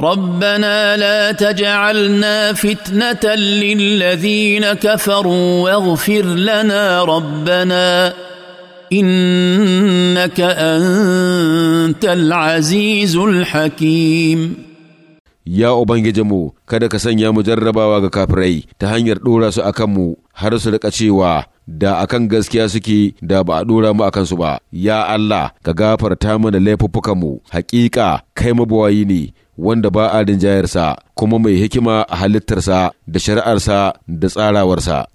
ربنا لا تجعلنا فتنه للذين كفروا واغفر لنا ربنا انك انت العزيز الحكيم ya ubangijinmu kada ka sanya mu jarrabawa ga kafirai ta hanyar ɗora su a kanmu har su riƙa cewa da akan gaskiya suke da ba a ɗora mu akan su ba ya Allah ka gafarta mana laifuffukanmu Haƙiƙa, kai mabawayi ne wanda ba a rinjayarsa kuma mai hikima a halittarsa da shari'arsa da tsarawarsa